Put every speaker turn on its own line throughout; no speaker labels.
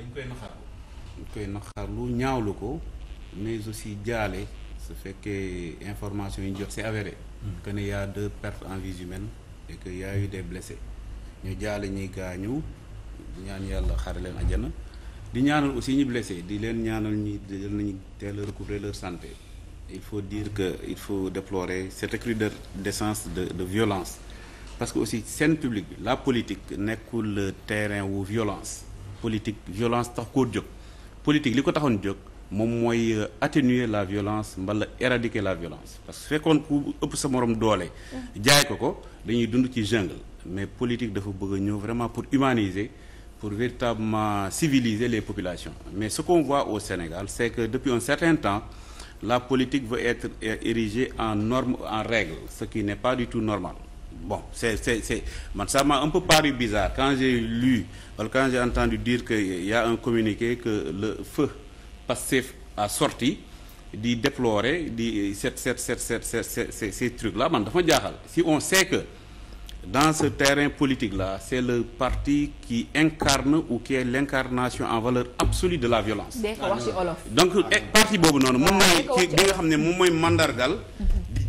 dañ koy naxarlu dañ koy naxarlu ko mais aussi jaale su fekkee information yi ñu jot c'est avéré hmm. que ne y a en vies que y a eu des blessés jaale ñuy gaañu ñaan yàlla xare leen ajana di ñaanal aussi ñi blessé di leen ñaanal ñi dal nañu teel a recouvrer leur santé il faut dire que il faut déplorer cet recrudescence de de violence parce que aussi scène publique la politique nekkul terrain wu violence politique violence tax koo jóg politique li ko taxoon jóg moom mooy euh, atténuer la violence mbala éradiquer la violence parce que fekkoon ku ëpp sa morom doole mm. jaay ko ko dañuy dund ci jungle mais politique dafa bëgg a ñëw vraiment pour humaniser pour véritablement civiliser les populations mais ce qu'on au Sénégal c'est que depuis un certain temps la politique veut être euh, érigée en norme en règle ce qui n'est pas du tout normal bon c'est c'est c'est man ça m'a un peu paru bizarre quand j'ai lu wala quand j'ai entendu dire que y un communiqué que le feu Pastef a sorti di déplorer di cette cette cette cette cette ces ces trucs la man dafa jaaxal si on sait que dans ce terrain politique la c'est le parti qui incarne ou qui est l'incarnation en valeur absolue de la violence. donc eh, parti boobu noonu moom mooy bi nga xam ne moom mooy mandargal.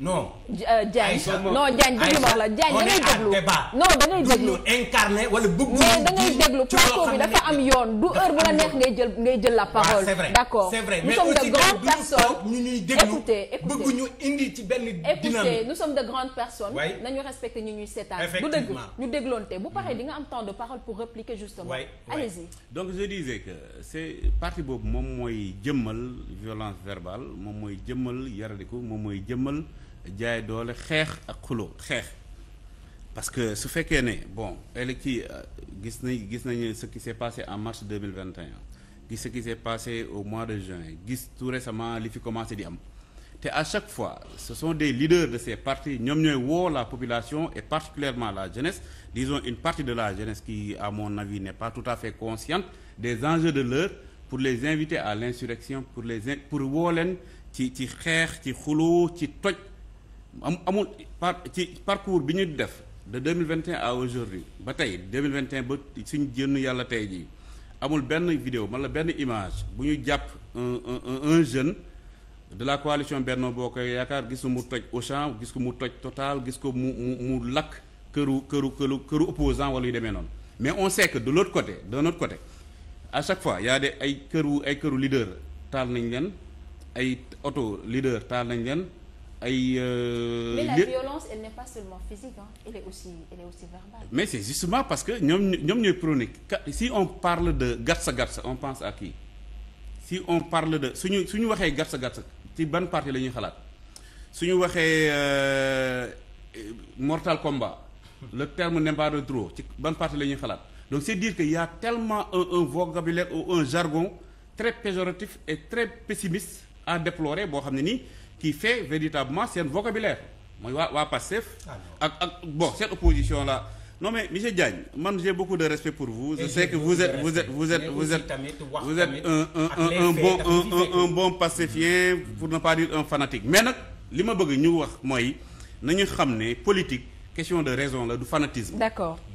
Euh, non. Diagne non Diagne déglu ma la Diagne da ngay déglu non da ngay déglu incarné wala bëgg da ngay bi dafa am yoon du heure bu la neex ngay jël ngay jël la parole. d'accord nous sommes de grandes personnes. écoutez écoutez bëgg ñu indi ci benn dynamique nous sommes de grandes personnes. nañu respecté ñu ñuy seetaan. du dëgg ñu dégloonte bu paree mhm. di nga am temps de parole pour répliquer justement. allez-y donc je disais que c'est parti boobu moom mooy jëmmal violence verbale moom mooy jëmmal yaradiku moom mooy jëmmal. jaay doole xeex ak xuloo xeex parce que su fekkee ne bon ele kii euh, gis nañ gis nañu ce qui s'est passé en mars 2021 gis ce qui s'est passé au mois de juin gis tout récemment li fi commencé di am te à chaque fois ce son des leaders de ces partis ñoom ñooy woo la population et particulièrement la jeunesse disons une partie de la jeunesse qui amoon na avis n'est pas tout à fait consciente des enjeux de l'heure pour les inviter à l'insurrection pour les pour woo leen ci ci xeex ci xuloo ci toj am amul par ci parcours bi ñu def de vingt 2021 à aujourd'hui ba tey 2021 ba suñu génn yàlla tey jii amul benn vidéo man benn image bu ñu jàpp un un jeune de la coalition boo Bokk Yaakaar gis mu toj Auchan gis ko mu toj Total gis ko mu mu mu lakk këru këru këru këru opposant wala yu demee noonu mais on sait que de l'autre côté de notre côté à chaque fois y a ay këru ay këru leader taal nañ leen ay auto leader taal nañ leen ay. Euh, mais la li... violence c'est justement parce que ñoom ñoom ñooy prôné si on parle de gatsa gatsa on pense à qui si on parle de suñu suñu waxee gatsa gatsa ci ban partie la ñuy xalaat ñu waxee euh, mortal combat le terme n'est pas de trop ci ban parti la ñuy xalaat donc c'est dire que y a tellement un un vocabulaire un jargon très péjoratif et très pessimiste à déplorer boo xam ne nii. qui fait véritablement seen vocabulaire mooy waa waa Pastef ah, ak ak bon cette opposition la non mais monsieur Diagne man j'ai beaucoup de respect pour vous je sais que vous êtes vous êtes vous êtes vous êtes un un un bon un un bon pastefien pour ne pas dire un fanatique mais nag li ma bëgg ñu wax mooy na ñu xam ne politique question de raison la du fanatisme d'accord